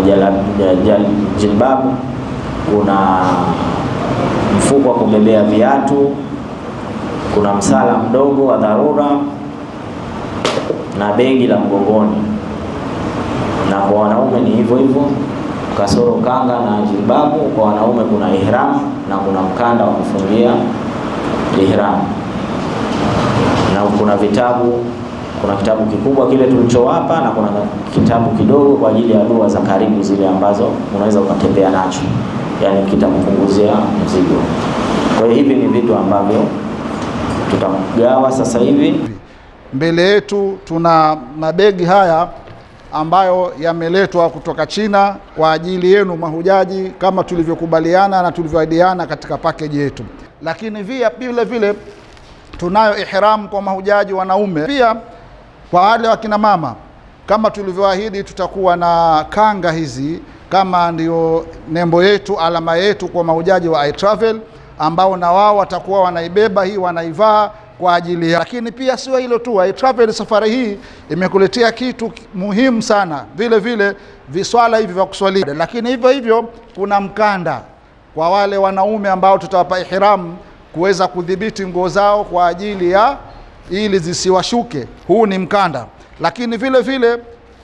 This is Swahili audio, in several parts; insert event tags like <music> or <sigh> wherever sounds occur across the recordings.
kuna jalabi, jilbabu, kuna mfuko wa kubebea viatu, kuna msala mdogo wa dharura na begi la mgongoni. Na kwa wanaume ni hivyo hivyo, kasoro kanga na jilbabu. Kwa wanaume kuna ihram na kuna mkanda wa kufungia ihram na kuna vitabu kuna kitabu kikubwa kile tulichowapa na kuna kitabu kidogo kwa ajili ya dua za karibu zile ambazo unaweza ukatembea nacho, yani kitakupunguzia mzigo. Kwa hiyo hivi ni vitu ambavyo tutagawa sasa hivi. Mbele yetu tuna mabegi haya ambayo yameletwa kutoka China kwa ajili yenu mahujaji, kama tulivyokubaliana na tulivyoahidiana katika pakeji yetu. Lakini via vile vile tunayo ihram kwa mahujaji wanaume pia. Kwa wale wakina mama, kama tulivyoahidi, tutakuwa na kanga hizi kama ndio nembo yetu, alama yetu kwa maujaji wa iTravel, ambao na wao watakuwa wanaibeba hii, wanaivaa kwa ajili ya. Lakini pia sio hilo tu, iTravel safari hii imekuletea kitu muhimu sana, vile vile viswala hivi vya kuswalia. Lakini hivyo hivyo kuna mkanda kwa wale wanaume ambao tutawapa ihram kuweza kudhibiti nguo zao kwa ajili ya ili zisiwashuke. Huu ni mkanda, lakini vile vile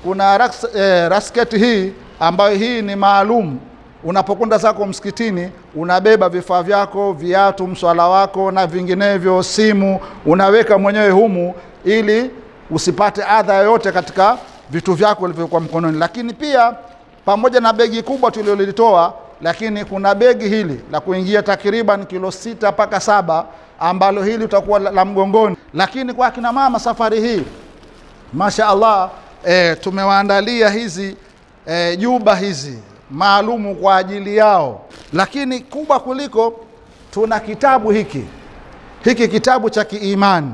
kuna raks, eh, rasketi hii ambayo hii ni maalum unapokwenda zako msikitini unabeba vifaa vyako, viatu, mswala wako na vinginevyo, simu unaweka mwenyewe humu, ili usipate adha yoyote katika vitu vyako vilivyokuwa mkononi. Lakini pia pamoja na begi kubwa tulilolitoa lakini kuna begi hili la kuingia takriban kilo sita mpaka saba ambalo hili utakuwa la, la mgongoni. Lakini kwa akina mama safari hii masha Allah e, tumewaandalia hizi e, juba hizi maalumu kwa ajili yao, lakini kubwa kuliko tuna kitabu hiki hiki kitabu cha kiimani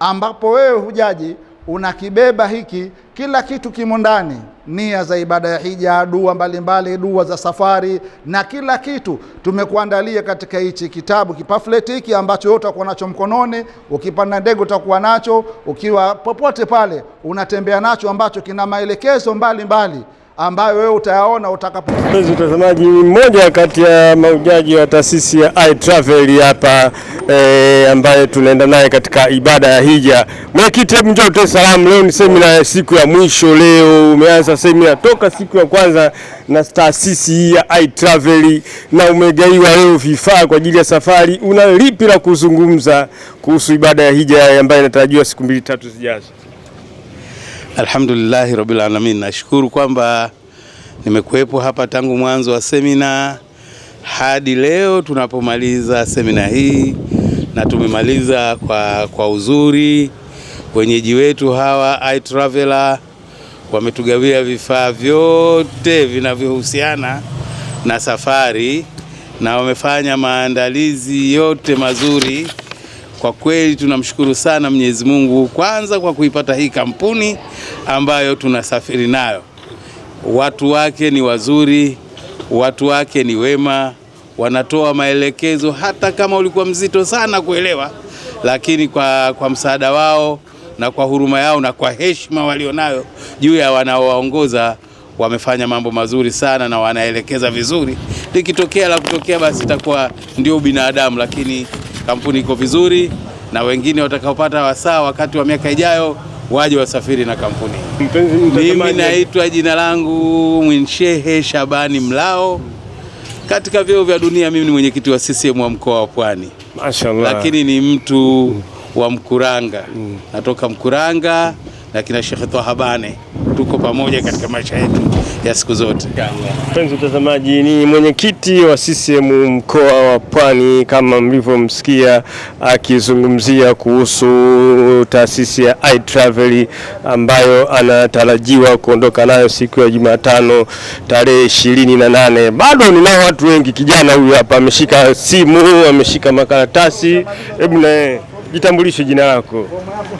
ambapo wewe hujaji unakibeba hiki kila kitu kimo ndani, nia za ibada ya hija, dua mbalimbali, dua za safari na kila kitu tumekuandalia katika hichi kitabu kipaflet hiki ambacho wewe utakuwa nacho mkononi. Ukipanda ndege utakuwa nacho, ukiwa popote pale unatembea nacho, ambacho kina maelekezo mbalimbali mbali ambayo wewe utayaona utakapo. Mpenzi mtazamaji, mmoja kati ya maujaji wa taasisi ya I Travel hapa e, ambaye tunaenda naye katika ibada ya hija. Mwenyekiti, hebu njoo tu salamu. Leo ni semina ya siku ya mwisho, leo umeanza semina toka siku ya kwanza na taasisi hii ya I Travel, na umegaiwa leo vifaa kwa ajili ya safari. Una lipi la kuzungumza kuhusu ibada ya hija ambayo inatarajiwa siku mbili tatu zijazo? Alhamdulillahi rabbil alamin, nashukuru kwamba nimekuwepo hapa tangu mwanzo wa semina hadi leo tunapomaliza semina hii, na tumemaliza kwa, kwa uzuri. Wenyeji wetu hawa I Traveler wametugawia vifaa vyote vinavyohusiana na safari na wamefanya maandalizi yote mazuri kwa kweli tunamshukuru sana Mwenyezi Mungu kwanza kwa kuipata hii kampuni ambayo tunasafiri nayo. Watu wake ni wazuri, watu wake ni wema, wanatoa maelekezo hata kama ulikuwa mzito sana kuelewa, lakini kwa, kwa msaada wao na kwa huruma yao na kwa heshima walionayo juu ya wanaowaongoza wamefanya mambo mazuri sana na wanaelekeza vizuri. Likitokea la kutokea, basi itakuwa ndio binadamu, lakini kampuni iko vizuri, na wengine watakaopata wasaa wakati wa miaka ijayo waje wasafiri na kampuni. Mimi naitwa jina langu Mwinshehe Shabani Mlao. Katika vyeo vya dunia mimi ni mwenyekiti wa CCM wa mkoa wa Pwani. Mashallah. Lakini ni mtu wa Mkuranga. Mm. Natoka Mkuranga na kina Sheikh Twahabane tuko pamoja katika maisha yetu ya siku zote. Mpenzi mtazamaji, ni mwenyekiti wa CCM mkoa wa Pwani kama mlivyomsikia akizungumzia kuhusu taasisi ya iTravel ambayo anatarajiwa kuondoka nayo siku ya Jumatano tarehe ishirini na nane. Bado ninao watu wengi, kijana huyu hapa ameshika simu, ameshika makaratasi, hebu na Jitambulishe jina lako.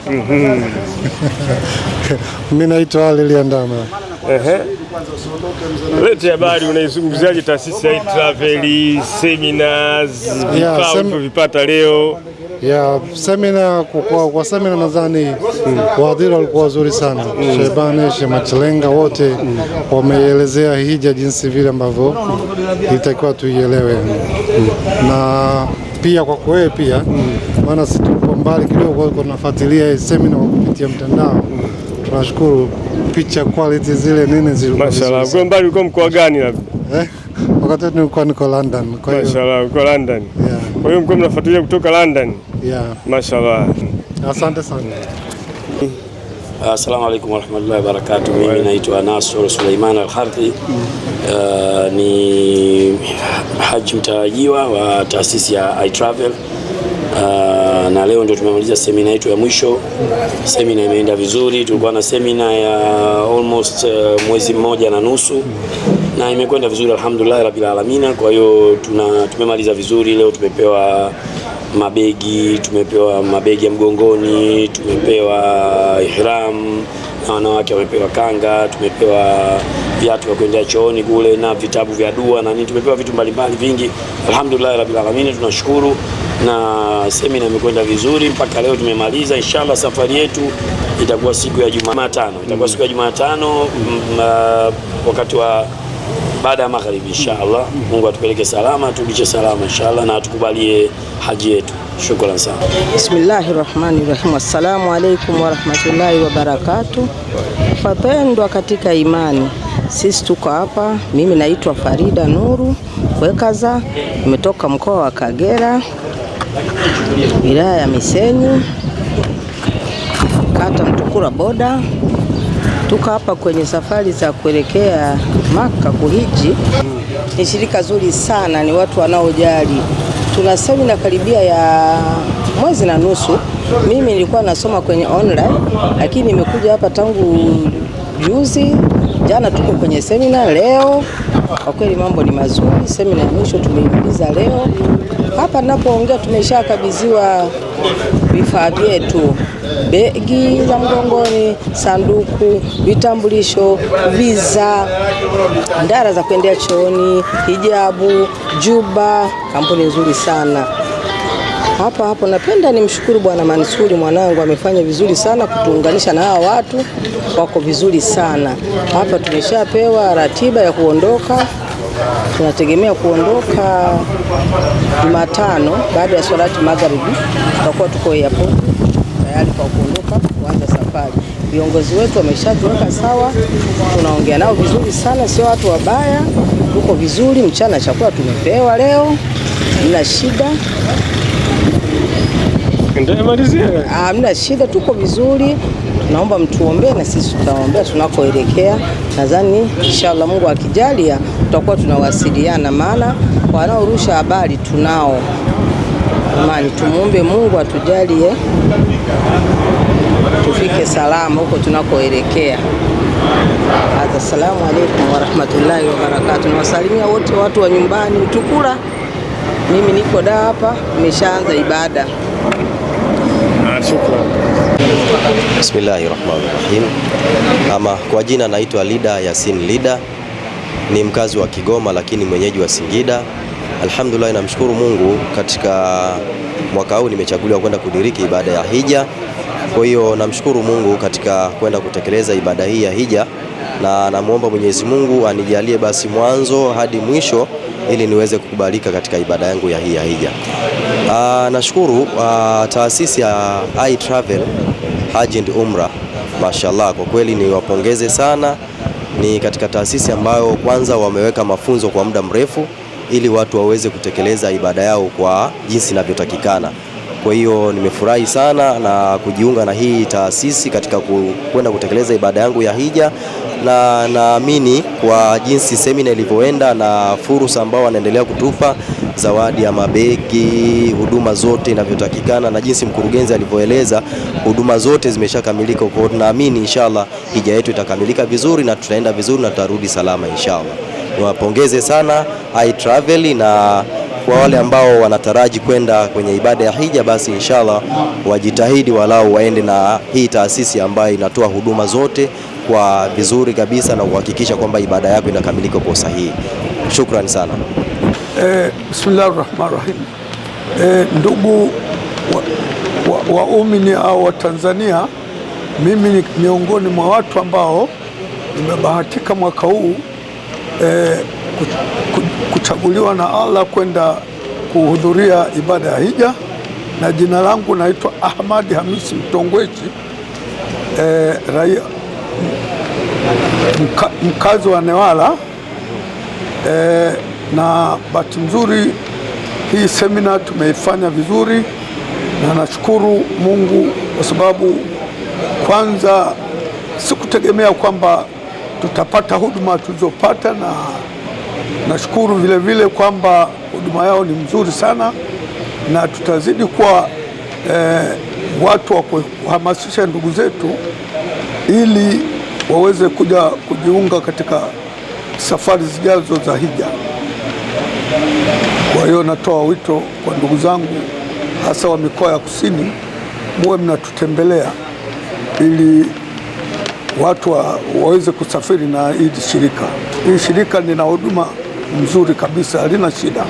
Mimi mhm. <laughs> naitwa Lilian Ndama. Ehe. Lete habari, unaizungumziaje taasisi ya travel seminars, vipata leo ya semina? Kwa, kwa semina nadhani wahadhiri walikuwa wazuri sana mm. mm. Shebane Shemachelenga wote mm. wameelezea hija jinsi vile ambavyo itakiwa tuielewe mm. na pia kwa kweli pia mm. maana mm mbali kidogo, kwa hiyo tunafuatilia semina kwa kupitia mtandao. Tunashukuru picha quality zile nini zilikuwa mashallah. Kwa mbali uko mkoa gani hapo? Eh, wakati ni nilikuwa niko London. Kwa hiyo mashallah, uko London. Kwa hiyo mko mnafuatilia kutoka London. Yeah. Mashallah. Asante sana. Uh, assalamu alaikum warahmatullahi wabarakatuh. Mimi naitwa Nasr Suleiman Al-Hardhi. Uh, ni haji mtarajiwa wa taasisi ya iTravel. Uh, na leo ndio tumemaliza semina yetu ya mwisho. Semina imeenda vizuri, tulikuwa na semina ya almost uh, mwezi mmoja na nusu na imekwenda vizuri alhamdulillah rabbil alamina. Kwa hiyo tuna tumemaliza vizuri leo, tumepewa mabegi, tumepewa mabegi ya mgongoni, tumepewa ihram na wanawake wamepewa kanga, tumepewa viatu vya kuendea chooni kule na vitabu vya dua na nini, tumepewa vitu mbalimbali vingi. Alhamdulillah rabbil alamin, tunashukuru na semina imekwenda vizuri mpaka leo tumemaliza. Inshallah safari yetu itakuwa siku ya Jumatano, itakuwa siku ya Jumatano mm, uh, wakati wa baada ya magharibi inshallah. Mungu atupeleke salama, turudishe salama inshallah, na atukubalie haji yetu. Shukran sana. Bismillahir rahmani Rahim. Assalamu alaykum wa rahmatullahi wa barakatuh. katika imani, sisi tuko hapa. Mimi naitwa Farida Nuru Wekaza, nimetoka mkoa wa Kagera, wilaya ya Misenyi, kata Mtukura boda Tuko hapa kwenye safari za kuelekea Maka kuhiji. Ni shirika zuri sana, ni watu wanaojali. Tuna semina karibia ya mwezi na nusu. Mimi nilikuwa nasoma kwenye online, lakini nimekuja hapa tangu juzi. Jana tuko kwenye semina, leo kwa kweli mambo ni mazuri. Semina ya mwisho tumeimaliza leo. Hapa ninapoongea tumeshakabidhiwa vifaa vyetu, begi za mgongoni, sanduku, vitambulisho, viza ndara za kuendea chooni, hijabu, juba. Kampuni nzuri sana hapa hapo. Napenda nimshukuru Bwana Mansuri mwanangu, amefanya vizuri sana kutuunganisha na hawa watu, wako vizuri sana hapa. Tumeshapewa ratiba ya kuondoka. Tunategemea kuondoka Jumatano baada ya swalati magharibi, tutakuwa tuko airport tayari kwa kuondoka kuanza safari. Viongozi wetu wameshajiweka sawa, tunaongea nao vizuri sana, sio watu wabaya, tuko vizuri. Mchana chakula tumepewa leo, bila shida Hamna shida, tuko vizuri. Naomba mtuombee na sisi tutaombea tunakoelekea. Nadhani inshallah Mungu akijalia tutakuwa tunawasiliana, maana wanaorusha habari tunao. Mani, tumuombe Mungu atujalie tufike salama huko tunakoelekea. Assalamu alaikum warahmatullahi wabarakatu. Nawasalimia wote watu wa nyumbani Mtukula. Mimi niko da hapa, nimeshaanza ibada. Ah, Bismillahi rahmani rahim. Ama kwa jina naitwa Lida Yasin Lida ni mkazi wa Kigoma lakini mwenyeji wa Singida. Alhamdulillah, namshukuru Mungu katika mwaka huu nimechaguliwa kwenda kudiriki ibada ya hija. Kwa hiyo namshukuru Mungu katika kwenda kutekeleza ibada hii ya hija, na namwomba Mwenyezi Mungu anijalie basi mwanzo hadi mwisho ili niweze kukubalika katika ibada yangu ya hii ya hija. Aa, ah, nashukuru aa, ah, taasisi ya I Travel Hajj and mashallah, kwa kweli niwapongeze sana ni katika taasisi ambayo kwanza wameweka mafunzo kwa muda mrefu ili watu waweze kutekeleza ibada yao kwa jinsi inavyotakikana. Kwa hiyo nimefurahi sana na kujiunga na hii taasisi katika kwenda kutekeleza ibada yangu ya hija na naamini kwa jinsi semina ilivyoenda na fursa ambao wanaendelea kutupa zawadi ya mabegi, huduma zote inavyotakikana na jinsi mkurugenzi alivyoeleza, huduma zote zimeshakamilika. Kwa hiyo naamini inshallah hija yetu itakamilika vizuri na tutaenda vizuri na tutarudi salama inshallah. Niwapongeze sana I Travel na kwa wale ambao wanataraji kwenda kwenye ibada ya hija, basi inshallah wajitahidi walau waende na hii taasisi ambayo inatoa huduma zote kwa vizuri kabisa na kuhakikisha kwamba ibada yako inakamilika kwa usahihi. Shukrani sana. Eh, bismillahir rahmanir rahim. Eh, ndugu waumini wa, wa au Watanzania, mimi ni miongoni mwa watu ambao nimebahatika mwaka huu eh, kuchaguliwa na Allah kwenda kuhudhuria ibada ya hija, na jina langu naitwa Ahmad Hamisi Mtongweji eh, raia mka, mkazi wa Newala e, na bahati nzuri hii semina tumeifanya vizuri na nashukuru Mungu kwa sababu kwanza sikutegemea kwamba tutapata huduma tulizopata, na nashukuru vile vile kwamba huduma yao ni mzuri sana, na tutazidi kuwa eh, watu wa kuhamasisha ndugu zetu ili waweze kuja kujiunga katika safari zijazo za hija. Kwa hiyo natoa wito kwa ndugu zangu hasa wa mikoa ya kusini, muwe mnatutembelea ili watu wa, waweze kusafiri na hili shirika. Hili shirika lina huduma mzuri kabisa, halina shida.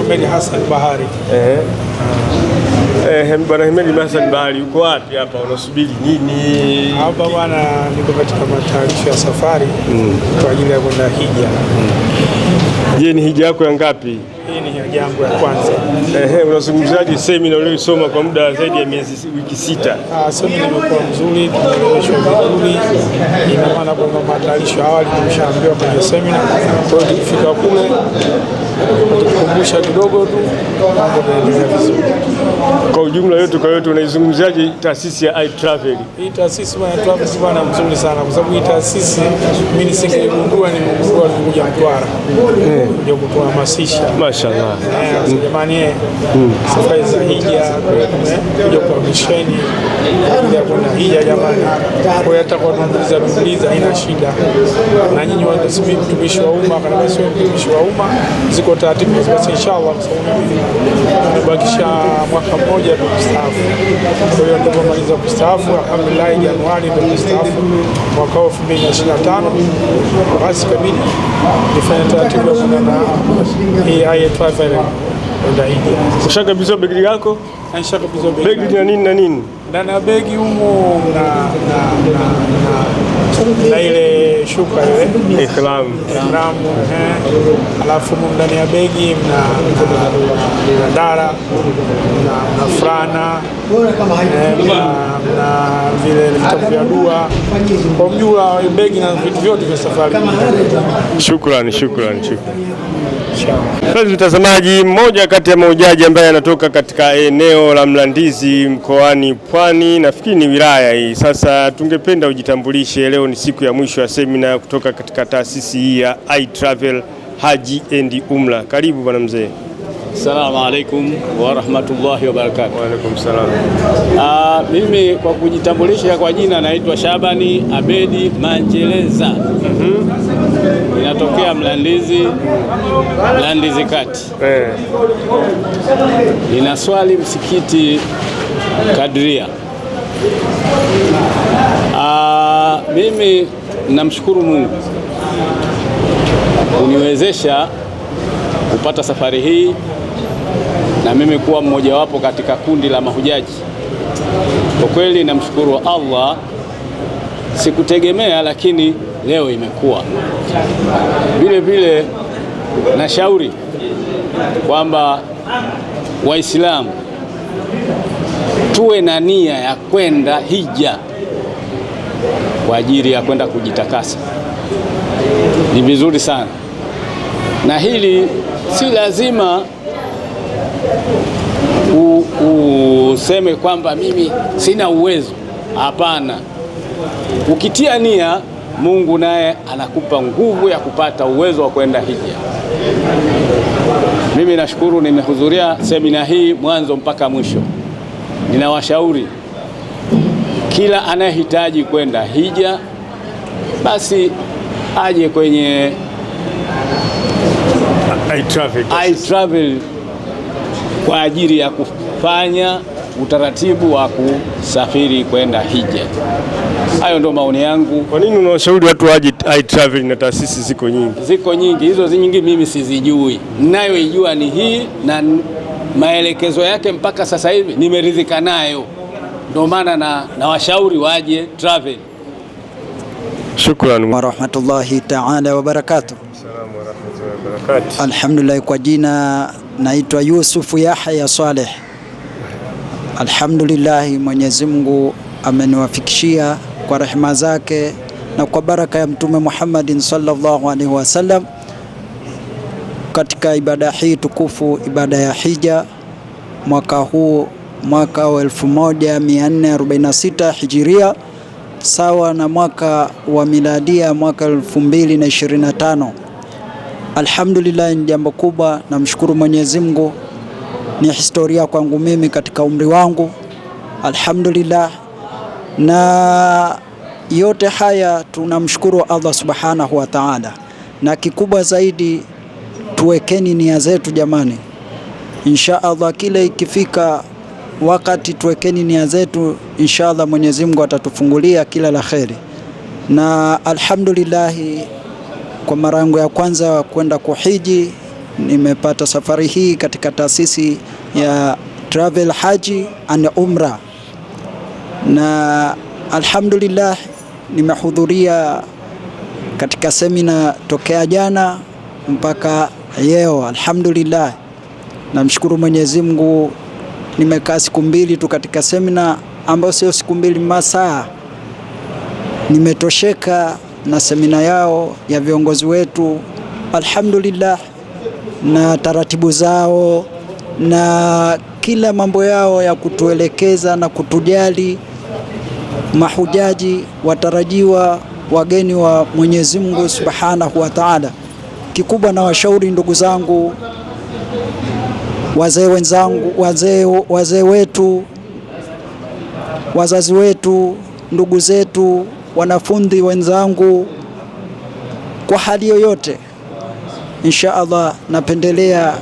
Ahmed Hassan Bahari. Eh. Eh, Bwana Hemedi Hassan Bali uko wapi hapa? Unasubiri nini? Hapa bwana, niko katika matayarisho ya safari mm. kwa ajili ya kwenda hija mm. Je, ni hija yako ya ngapi? Hii ni hija yangu ya kwanza. Ehe, unazungumzaje semina uliyoisoma kwa muda wa zaidi ya miezi wiki sita? Ah, semina imekuwa mzuri, tumeshuhudia vizuri. Ina maana kwamba matayarisho awali tumeshaambiwa kwenye semina, kwa hiyo tukifika kule tukukumbusha kidogo tu mambo yanaendelea vizuri. Kwa ujumla yote kwa yote, unaizungumziaje taasisi ya iTravel? Hii taasisi bwana Travel bwana mzuri sana, kwa sababu hii taasisi mimi nisingegundua, nimegundua nikuja Mtwara. Eh kuja kutuhamasisha. Mashaallah. Eh, jamani, eh, hmm. safari za hija kuja kwa misheni kuja kwenda hija jamani, kwa hiyo atakuwa tunauliza tuuliza, haina shida na nyinyi wote, si mtumishi wa umma kana sio mtumishi wa umma, ziko taratibu kwa sababu inshallah kwa sababu tumebakisha mwaka mmoja tu kustaafu. Kwa hiyo ndio kumaliza kustaafu, alhamdulillah Januari ndio kustaafu mwaka 2025 basi kabidi nifanye taratibu e aí tu vai ver Ushakabidhiwa begi lako? Nishakabidhiwa begi. Begi ya nini na nini? Ndani ya begi humo na na na ile shuka ile Islam. Eh, ihlamu, eh. alafu humo ndani ya begi mna dara na frana eh, na vile vitabu vya dua. Kwa ujumla begi na vitu vyote vya safari. Shukrani, shukrani, shukrani. Mpenzi mtazamaji, mmoja kati ya maujaji ambaye anatoka katika eneo la Mlandizi mkoani Pwani, nafikiri ni wilaya hii. Sasa tungependa ujitambulishe. Leo ni siku ya mwisho ya semina kutoka katika taasisi hii ya I Haji and Umra. Karibu bwana mzee. Assalamu alaikum warahmatullahi rahmatullahi Wa alaikum salam. Ah, mimi kwa kujitambulisha kwa jina naitwa Shabani Abedi Manjeleza. Mm -hmm. Inatokea Mlandizi, Mlandizi kati. Eh. msikiti Kadria. Ah, mimi namshukuru Mungu kuniwezesha kupata safari hii na mimi kuwa mmojawapo katika kundi la mahujaji. Kwa kweli namshukuru Allah, sikutegemea lakini leo imekuwa vile vile. Nashauri kwamba Waislamu tuwe na nia ya kwenda hija kwa ajili ya kwenda kujitakasa. Ni vizuri sana, na hili si lazima useme kwamba mimi sina uwezo. Hapana, ukitia nia, Mungu naye anakupa nguvu ya kupata uwezo wa kwenda hija. Mimi nashukuru nimehudhuria semina hii mwanzo mpaka mwisho. Ninawashauri kila anayehitaji kwenda hija basi aje kwenye I travel, I travel kwa ajili ya kufanya utaratibu wa kusafiri kwenda hija. Hayo ndo maoni yangu. Kwa nini unawashauri watu waje i travel na taasisi ziko nyingi? Ziko nyingi, hizo nyingi mimi sizijui, ninayoijua ni hii na maelekezo yake mpaka sasa hivi nimeridhika nayo, ndo maana na, na washauri waje travel. Shukran wa rahmatullahi taala barakatuh wabarakatuh. Alhamdulillah, kwa jina naitwa Yusufu Yahya Saleh. Alhamdulillah, Mwenyezi Mungu ameniwafikishia kwa rehema zake na kwa baraka ya Mtume Muhammad sallallahu alaihi wasallam katika ibada hii tukufu, ibada ya hija mwaka huu, mwaka wa 1446 hijiria sawa na mwaka wa miladia mwaka 2025. Alhamdulillah, ni jambo kubwa, namshukuru Mwenyezi Mungu. Ni historia kwangu mimi katika umri wangu, alhamdulillah. Na yote haya tunamshukuru Allah subhanahu wa ta'ala, na kikubwa zaidi tuwekeni nia zetu jamani, insha Allah kile ikifika wakati tuwekeni nia zetu, insha Allah Mwenyezi Mungu atatufungulia kila la kheri, na alhamdulillah kwa mara yangu ya kwanza kwenda kuhiji, nimepata safari hii katika taasisi ya Travel Haji and Umra, na alhamdulillah nimehudhuria katika semina tokea jana mpaka leo alhamdulillah. Namshukuru Mwenyezi Mungu, nimekaa siku mbili tu katika semina ambayo sio siku mbili, masaa nimetosheka na semina yao ya viongozi wetu alhamdulillah, na taratibu zao na kila mambo yao ya kutuelekeza na kutujali mahujaji watarajiwa, wageni wa Mwenyezi Mungu Subhanahu wa Ta'ala. Kikubwa na washauri ndugu zangu, wazee wenzangu, wazee wazee wetu, wazazi wetu, ndugu zetu wanafunzi wenzangu, kwa hali yoyote, insha Allah napendelea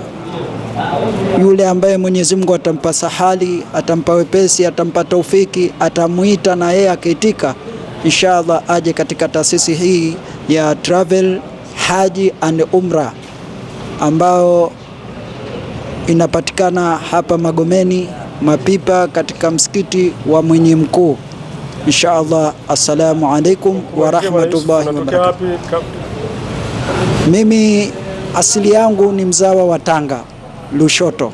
yule ambaye Mwenyezi Mungu atampa sahali, atampa wepesi, atampa taufiki, atamwita na yeye akaitika, insha Allah aje katika taasisi hii ya Travel Haji and Umra ambayo inapatikana hapa Magomeni Mapipa, katika msikiti wa mwenye Mkuu insha Allah. Assalamu alaikum wa rahmatullahi wa barakatuh. Mimi asili yangu ni mzawa wa Tanga Lushoto,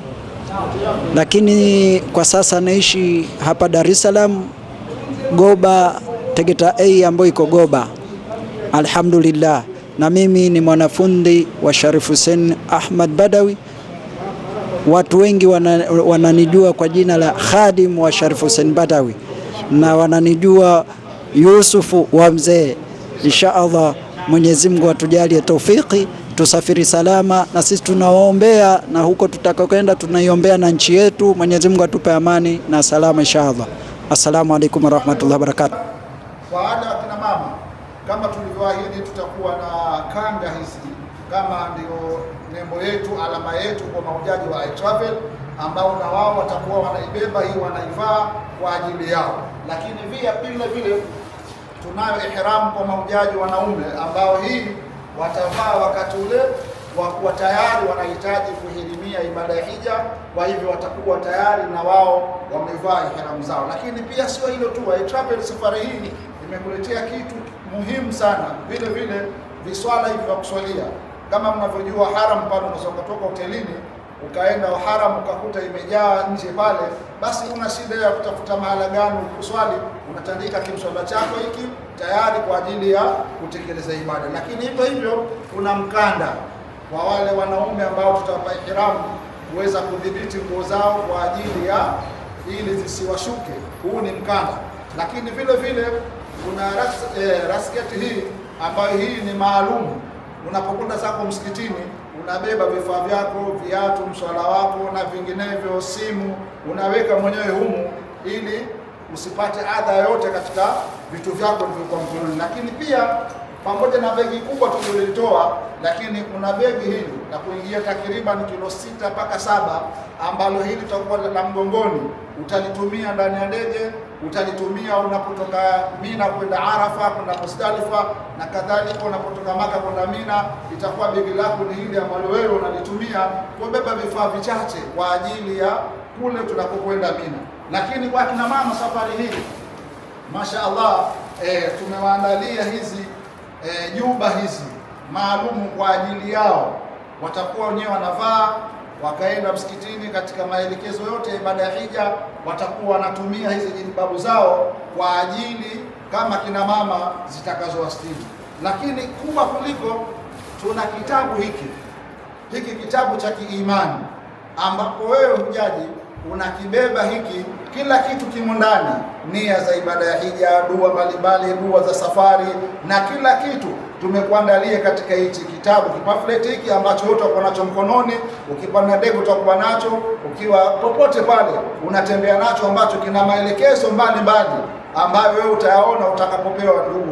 lakini kwa sasa naishi hapa Dar es Salaam Goba Tegeta A ambayo iko Goba, alhamdulillah. Na mimi ni mwanafundi wa Sharif Hussein Ahmad Badawi. Watu wengi wananijua wana kwa jina la Khadim wa Sharif Hussein Badawi na wananijua Yusufu wa mzee. Insha Allah, Mwenyezi Mungu atujalie taufiki tusafiri salama, na sisi tunawaombea na huko tutakokwenda, tunaiombea na nchi yetu. Mwenyezi Mungu atupe amani na salama insha Allah. Assalamu alaikum warahmatullahi wabarakatuh. Kwa ada kina mama, kama tulivyoahidi, tutakuwa na kanda hizi kama ndio nembo yetu, alama yetu kwa mahujaji wa iTravel ambao na wao watakuwa wanaibeba hii, wanaivaa kwa ajili yao. Lakini pia vile vile tunayo ihram kwa mahujaji wanaume ambao hii watavaa wakati ule kuwa tayari wanahitaji kuhirimia ibada ya hija, kwa hivyo watakuwa tayari na wao wamevaa ihram zao. Lakini pia sio hilo tu, eh, travel safari hii imekuletea kitu muhimu sana vile vile, viswala hivi vya kuswalia. Kama mnavyojua haram pale, unaweza hotelini ukaenda haram ukakuta imejaa nje pale, basi una shida ya kutafuta mahala gani kuswali Unatandika kimswala chako hiki tayari kwa ajili ya kutekeleza ibada. Lakini hivyo hivyo kuna mkanda kwa wale wanaume ambao tutawapa ihramu kuweza kudhibiti nguo zao kwa ajili ya ili zisiwashuke. Huu ni mkanda, lakini vile vile kuna ras, eh, rasketi hii ambayo hii ni maalumu unapokwenda zako msikitini unabeba vifaa vyako, viatu, mswala wako na vinginevyo, simu unaweka mwenyewe humu, ili usipate adha yoyote katika vitu vyako vilivyokuwa mkononi, lakini pia pamoja na begi kubwa tulilitoa, lakini kuna begi hili na kuingia takriban kilo sita mpaka saba ambalo hili tutakuwa la mgongoni, utalitumia ndani ya ndege, utalitumia unapotoka Mina kwenda Arafa kwenda Muzdalifa na kadhalika, unapotoka Maka kwenda Mina, itakuwa begi lako ni hili ambalo wewe unalitumia kubeba vifaa vichache kwa ajili ya kule tunakokwenda Mina. Lakini kwa kina mama safari hii Masha Allah, eh, tumewaandalia hizi E, nyumba e, hizi maalumu kwa ajili yao, watakuwa wenyewe wanavaa wakaenda msikitini katika maelekezo yote ya ibada ya hija, watakuwa wanatumia hizi jilbabu zao kwa ajili kama kina mama zitakazowastiri. Lakini kubwa kuliko, tuna kitabu hiki hiki kitabu cha kiimani ambapo wewe hujaji unakibeba hiki kila kitu kimo ndani, nia za ibada ya hija, dua mbalimbali, dua za safari na kila kitu tumekuandalia katika hichi kitabu kipafleti hiki ambacho wote wako nacho mkononi, ukipanda ndege utakuwa nacho, ukiwa popote pale unatembea nacho, ambacho kina maelekezo mbalimbali ambayo wewe utayaona utakapopewa ndugu